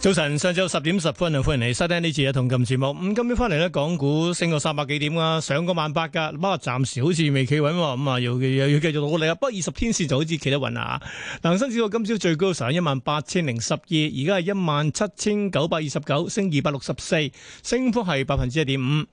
早晨，上晝十點十分啊，歡迎你收聽呢次嘅《同琴節目》。咁今朝翻嚟咧，港股升過三百幾點啊，上過萬八噶，不過暫時好似未企穩喎，咁啊，又又要繼續努力啊。不過二十天線就好似企得穩啦。恒生指數今朝最高成一萬八千零十二，而家係一萬七千九百二十九，升二百六十四，升幅係百分之一點五。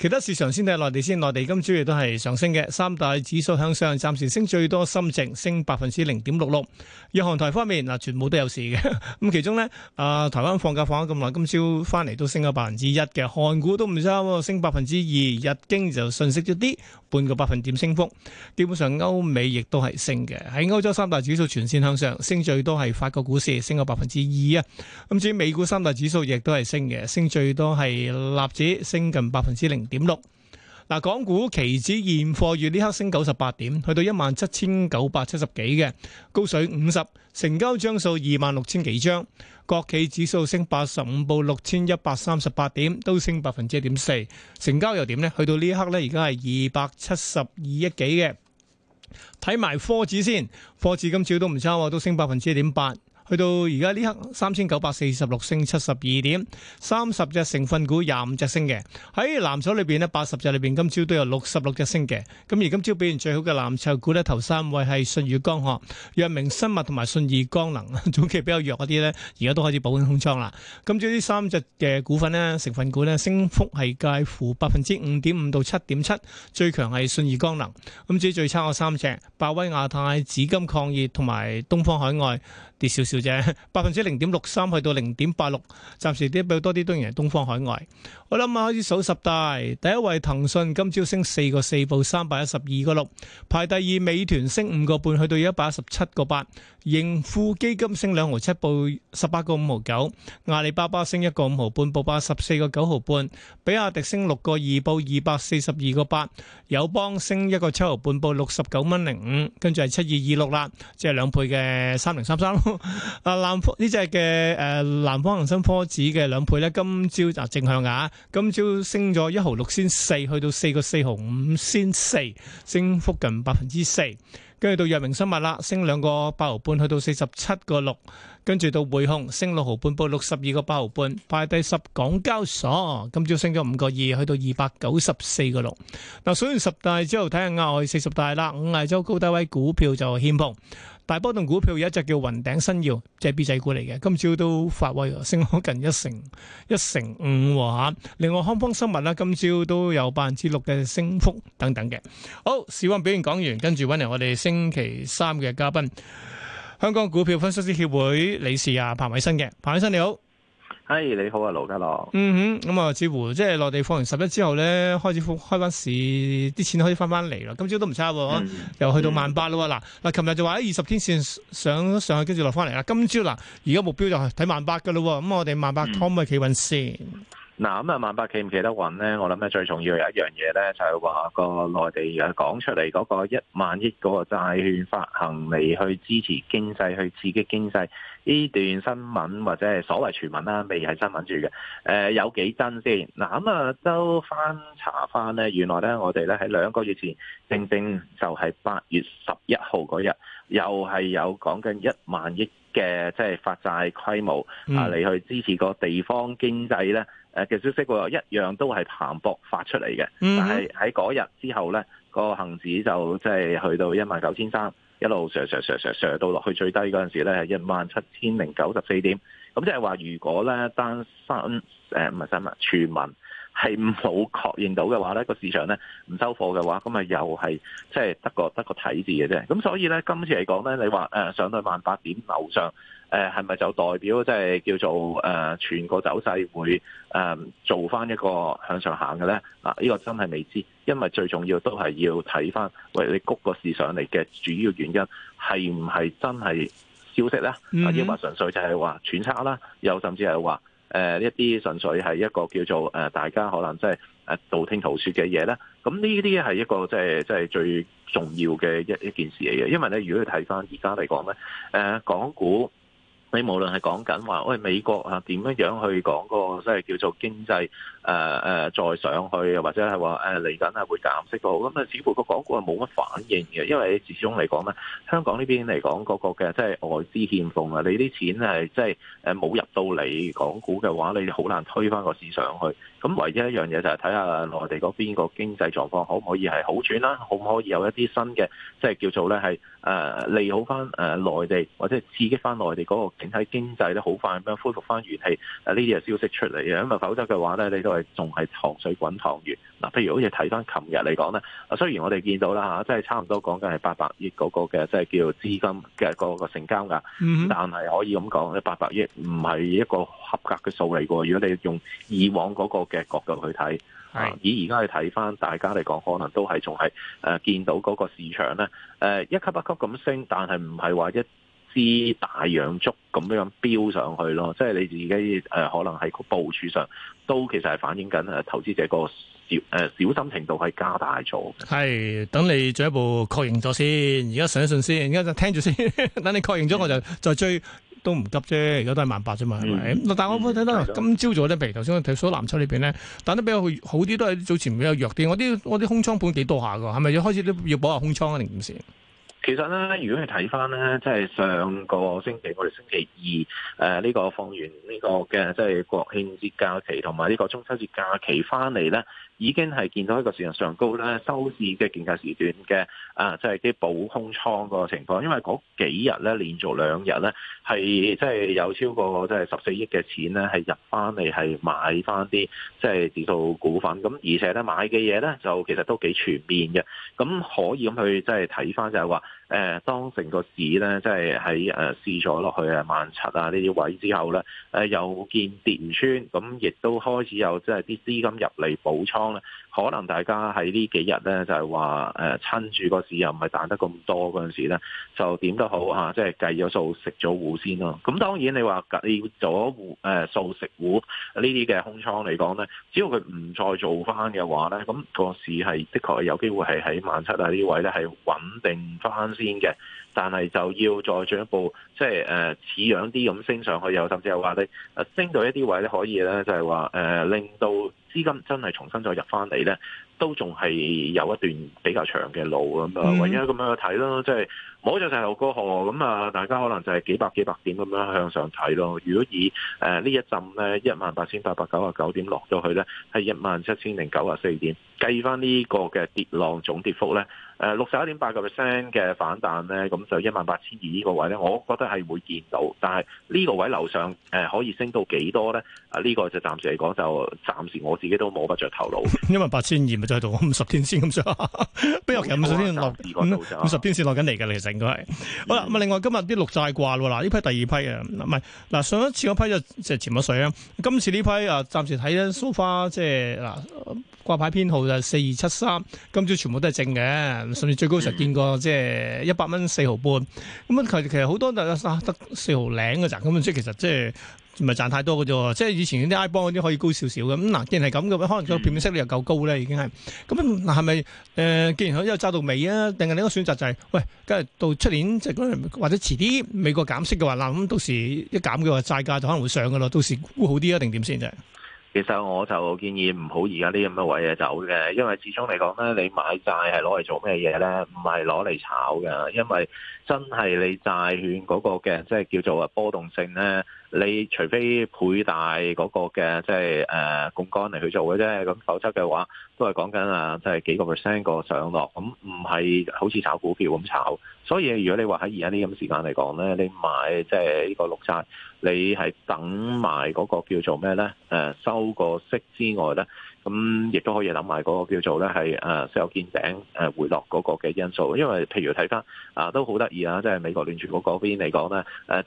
其他市場先睇內地先，內地今朝亦都係上升嘅，三大指數向上，暫時升最多深證升百分之零點六六。日韓台方面嗱，全部都有事嘅，咁 其中呢，啊、呃、台灣放假放咗咁耐，今朝翻嚟都升咗百分之一嘅，韓股都唔差喎，升百分之二，日經就順息咗啲，半個百分點升幅。基本上歐美亦都係升嘅，喺歐洲三大指數全線向上，升最多係法國股市升咗百分之二啊，咁、嗯、至於美股三大指數亦都係升嘅，升最多係納指升近百分之零點六嗱，港股期指現貨月呢刻升九十八點，去到一萬七千九百七十幾嘅高水五十，成交張數二萬六千幾張，國企指數升八十五，報六千一百三十八點，都升百分之一點四，成交又點呢？去到呢一刻呢，而家係二百七十二億幾嘅，睇埋科指先，科指今次都唔差喎，都升百分之一點八。去到而家呢刻三千九百四十六，升七十二點，三十隻成分股廿五隻升嘅。喺藍籌裏邊呢，八十隻裏邊今朝都有六十六隻升嘅。咁而今朝表現最好嘅藍籌股呢，頭三位係信義光行、藥明生物同埋信義光能，短期比較弱嗰啲呢。而家都開始補滿空倉啦。咁至於呢三隻嘅股份呢，成分股呢，升幅係介乎百分之五點五到七點七，最強係信義光能。咁至於最差嘅三隻，百威亞太、紫金礦業同埋東方海外跌少少。百分之零點六三去到零點八六，暫時啲比較多啲都係東方海外。我諗啊，開始數十大，第一位騰訊今朝升四個四報，三百一十二個六，排第二美團升五個半，去到一百一十七個八，盈富基金升兩毫七報，十八個五毫九，阿里巴巴升一個五毫半，報八十四個九毫半，比亞迪升六個二報，二百四十二個八，友邦升一個七毫半，報六十九蚊零五，跟住係七二二六啦，即係兩倍嘅三零三三。啊、呃，南呢隻嘅誒南方恒生科指嘅兩倍咧，今朝就正向啊！今朝升咗一毫六仙四，去到四個四毫五仙四，升幅近百分之四。跟住到藥明生物啦，升兩個八毫半，去到四十七個六。跟住到匯控，升六毫半，半，報六十二個八毫半。排第十港交所，今朝升咗五個二，去到二百九十四個六。嗱，數完十大之後睇下額外四十大啦，五亞洲高低位股票就欠碰。大波動股票有一隻叫雲頂新耀，即係 B 仔股嚟嘅，今朝都發威，升好近一成，一成五吓。另外康方生物咧，今朝都有百分之六嘅升幅等等嘅。好，市況表現講完，跟住揾嚟我哋星期三嘅嘉賓，香港股票分析師協會理事啊，彭偉新嘅，彭偉新你好。哎，hey, 你好啊，盧家樂。嗯哼，咁啊，似乎即係落地放完十一之後咧，開始開翻市，啲錢可以翻翻嚟咯。今朝都唔差喎，嗯、又去到萬八啦。嗱嗱，琴日就話喺二十天線上上去，跟住落翻嚟啦。今朝嗱，而家目標就係睇萬八噶啦。咁我哋萬八看咪企穩先。嗱咁啊，嗯、萬八企唔企得穩咧？我諗咧最重要有一樣嘢咧，就係、是、話個內地啊講出嚟嗰個一萬億嗰個債券發行嚟去支持經濟、去刺激經濟呢段新聞或者係所謂傳聞啦，未係新聞住嘅。誒、呃、有幾真先？嗱咁啊、嗯，都翻查翻咧，原來咧我哋咧喺兩個月前，正正就係八月十一號嗰日。又係有講緊一萬億嘅，即係發債規模啊，你去支持個地方經濟呢，誒嘅消息個一樣都係彭博發出嚟嘅。但係喺嗰日之後呢，個恆指就即係去到一萬九千三，一路上上上上上到落去最低嗰陣時呢係一萬七千零九十四點，咁即係話如果呢單新，誒唔係新聞，傳聞，係唔好確認到嘅話呢、呢個市場呢唔收貨嘅話，咁咪又係即係得個得個睇字嘅啫。咁所以呢，今次嚟講呢，你話誒、呃、上到萬八點樓上，誒係咪就代表即係叫做誒、呃、全個走勢會誒、呃、做翻一個向上行嘅呢？啊、呃，呢、這個真係未知，因為最重要都係要睇翻，餵、呃、你谷個市上嚟嘅主要原因係唔係真係消息呢？啊、mm，抑或純粹就係話揣測啦，又甚至係話。誒一啲純粹係一個叫做誒、呃、大家可能即係誒道聽途説嘅嘢咧，咁呢啲係一個即係即係最重要嘅一一件事嚟嘅，因為咧如果你睇翻而家嚟講咧，誒、呃、港股。你無論係講緊話，喂美國啊點樣樣去講，個即係叫做經濟誒誒、呃、再上去，或者係話誒嚟緊係會減息到，咁啊似乎個港股係冇乜反應嘅，因為始終嚟講咧，香港呢邊嚟講個個嘅即係外資欠奉啊，你啲錢係即係誒冇入到嚟港股嘅話，你好難推翻個市上去。咁唯一一樣嘢就係睇下內地嗰邊個經濟狀況可唔可以係好轉啦，啊？可唔可以有一啲新嘅即係叫做咧，係誒利好翻誒內地或者刺激翻內地嗰個整體經濟咧，好快咁樣恢復翻元氣啊！呢啲嘅消息出嚟啊，咁啊否則嘅話咧，你都係仲係糖水滾湯圓。嗱，譬如好似睇翻琴日嚟講咧，雖然我哋見到啦嚇，即係差唔多講緊係八百億嗰個嘅，即係叫資金嘅嗰個成交額，mm hmm. 但係可以咁講，你八百億唔係一個合格嘅數嚟㗎。如果你用以往嗰個嘅角度去睇，mm hmm. 以而家去睇翻大家嚟講，可能都係仲係誒見到嗰個市場咧，誒一級一級咁升，但係唔係話一支大陽燭咁樣飆上去咯，即係你自己誒可能喺個部署上都其實係反映緊誒投資者個。誒小心程度係加大咗，係等你進一步確認咗先。而家相信先，而家就聽住先。等你確認咗，我就、嗯、再追都唔急啫。而家都係萬八啫嘛，係咪、嗯？但我覺睇到今朝早啲譬如頭先睇蘇南秋呢邊咧，嗯、但比都比較好啲，都係早前比較弱啲。我啲我啲空倉盤幾多，多下㗎？係咪要開始都要補下空倉啊？定點先？其實咧，如果你睇翻咧，即係上個星期我哋星期二誒呢、呃這個放完呢、這個嘅，即係國慶節假期同埋呢個中秋節假期翻嚟咧。已經係見到一個市場上高咧，收市嘅競價時段嘅啊，即係啲補空倉個情況，因為嗰幾日咧連續兩日咧係即係有超過即係十四億嘅錢咧係入翻嚟係買翻啲即係指數股份，咁而且咧買嘅嘢咧就其實都幾全面嘅，咁可以咁去即係睇翻就係話。誒當成個市咧，即係喺誒試咗落去啊萬七啊呢啲位之後咧，誒又見跌唔穿，咁亦都開始有即係啲資金入嚟補倉咧。可能大家喺呢幾日咧，就係話誒趁住個市又唔係彈得咁多嗰陣時咧，就點都好啊，即係計咗數食咗戶先咯。咁當然你話計咗戶誒數食戶呢啲嘅空倉嚟講咧，只要佢唔再做翻嘅話咧，咁個市係的確係有機會係喺萬七啊呢位咧係穩定翻。先嘅，但係就要再進一步，即係誒似樣啲咁升上去，又甚至係話：你、啊、誒升到一啲位咧可以咧，就係、是、話，誒、呃、令到資金真係重新再入翻嚟咧。都仲係有一段比較長嘅路咁啊，唯一咁樣去睇咯，即係摸住石頭過河咁啊！大家可能就係幾百幾百點咁樣向上睇咯。如果以誒呢、呃、一陣咧一萬八千八百九啊九點落咗去咧，係一萬七千零九啊四點，計翻呢個嘅跌浪總跌幅咧，誒六十一點八個 percent 嘅反彈咧，咁就一萬八千二呢個位咧，我覺得係會見到。但係呢個位樓上誒可以升到幾多咧？啊呢、呢個就暫時嚟講就暫時我自己都摸不着頭腦。 因為八千二。再度五十天線咁上，不過其實五十天落五十天線落緊嚟嘅，其實應該係好啦。咁啊，另外今日啲綠債掛啦，呢批第二批啊，唔係嗱，上一次嗰批就即係潛咗水啊，今次呢批啊，暫時睇緊 so far 即係嗱。掛牌編號就係四二七三，今朝全部都係正嘅，甚至最高時見過即係一百蚊四毫半。咁啊，其實其實好多得得四毫零嘅咋，咁即係其實即係唔係賺太多嘅啫。即係以前啲 iBond 嗰啲可以高少少嘅。咁、嗯、嗱，既然係咁嘅話，可能個票面息率又夠高咧，已經係。咁、嗯、嗱，係咪誒？既然佢又揸到尾啊，定係另一個選擇就係、是、喂，跟住到出年即係或者遲啲美國減息嘅話，嗱，咁到時一減嘅話債價就可能會上噶啦。到時會好啲啊，定點先啫？其實我就建議唔好而家呢咁嘅位嘢走嘅，因為始終嚟講咧，你買債係攞嚟做咩嘢咧？唔係攞嚟炒㗎，因為真係你債券嗰個嘅，即係叫做啊波動性咧。你除非佩戴嗰個嘅即係誒槓桿嚟去做嘅啫，咁否則嘅話都係講緊啊，即係幾個 percent 個上落，咁唔係好似炒股票咁炒。所以如果你話喺而家呢咁時間嚟講咧，你買即係呢個綠債，你係等埋嗰個叫做咩咧？誒、呃、收個息之外咧。咁亦都可以諗埋嗰個叫做咧係誒石油見頂誒、啊、回落嗰個嘅因素，因為譬如睇翻啊都好得意啊，即係、啊、美國聯儲局嗰邊嚟講咧誒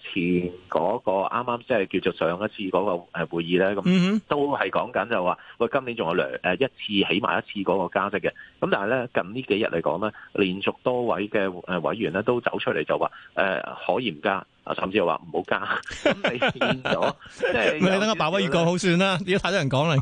前嗰、嗰個啱啱即係叫做上一次嗰個誒會議咧，咁、嗯嗯嗯、都係講緊就話，喂、哎、今年仲有兩誒一次起埋一次嗰個加息嘅，咁、啊、但係咧近幾呢幾日嚟講咧，連續多位嘅誒委員咧都走出嚟就話誒、啊、可以唔加。啊！甚至又話唔好加，咁你見咗， 即係你等阿爸威要講好算啦，而家太多人講啦，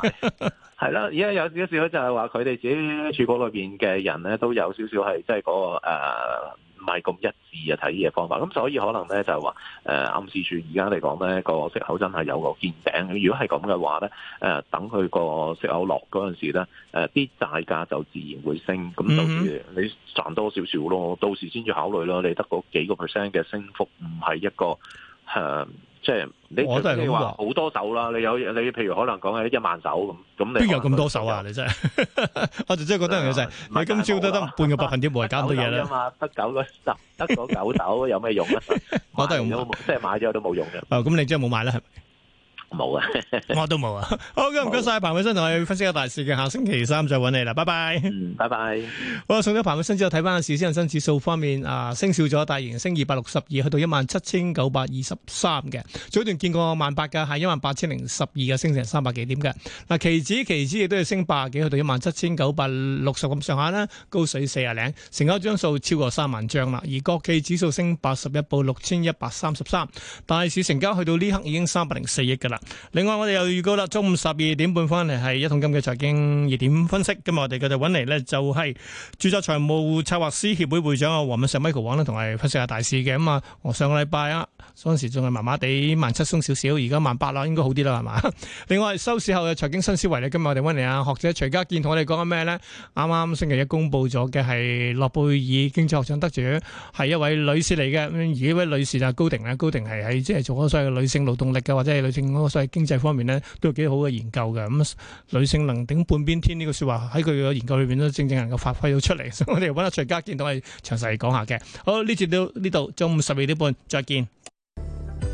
係啦，而家有少少就係話佢哋自己主稿裏邊嘅人咧，都有少少係即係嗰個、呃唔係咁一致啊！睇嘢方法，咁所以可能咧就係話誒、呃、暗示住，而家嚟講咧個息口真係有個見頂。如果係咁嘅話咧，誒、呃、等佢個息口落嗰陣時咧，誒、呃、啲債價就自然會升。咁就算你賺多少少咯，到時先至考慮咯。你得個幾個 percent 嘅升幅，唔係一個誒。呃即係，我你我都係咁話，好多手啦！你有你譬如可能講係一萬手咁，咁邊有咁多手啊？你真係， 我就真係覺得人有勢。啊、你今朝都得半個百分點冇，係搞到嘢啦。得九個十、啊，得嗰九手有咩用啊？我都係冇，即係買咗都冇用嘅。咁你真係冇買啦。係。冇啊，我都冇啊。好，咁唔該晒彭偉新同我哋分析下大市嘅。下星期三再揾你啦，拜拜。嗯，拜拜。好，送咗彭偉新之後，睇翻下市先。恒生指數方面，啊、呃，升少咗，但係仍然升二百六十二，去到一萬七千九百二十三嘅。早段見過萬八噶，係一萬八千零十二嘅，升成三百幾點嘅。嗱，期指、期指亦都係升八啊幾，去到一萬七千九百六十咁上下啦，高水四啊零。成交張數超過三萬張啦，而國企指數升八十一，報六千一百三十三。大市成交去到呢刻已經三百零四億噶啦。另外我哋又預告啦，中午十二點半翻嚟係一桶金嘅財經熱點分析。今日我哋嘅就揾嚟咧，就係註冊財務策劃師協會會長啊，黃敏石 Michael 黃咧，同埋分析下大市嘅。咁啊，我上個禮拜啊，嗰陣時仲係麻麻地萬七鬆少少，而家萬八啦，應該好啲啦，係嘛？另外收市後嘅財經新思維咧，今日我哋揾嚟啊，學者徐家健同我哋講緊咩咧？啱啱星期一公布咗嘅係諾貝爾經濟學獎得主，係一位女士嚟嘅，而呢位女士就高婷啊，高婷係喺即係做咗所謂女性勞動力嘅或者係女性嗰。所以經濟方面咧，都有幾好嘅研究嘅。咁女性能頂半邊天呢個説話，喺佢嘅研究裏面都正正能夠發揮到出嚟。所以我哋搵阿徐家健同佢詳細講下嘅。好，呢節到呢度，中午十二點半再見。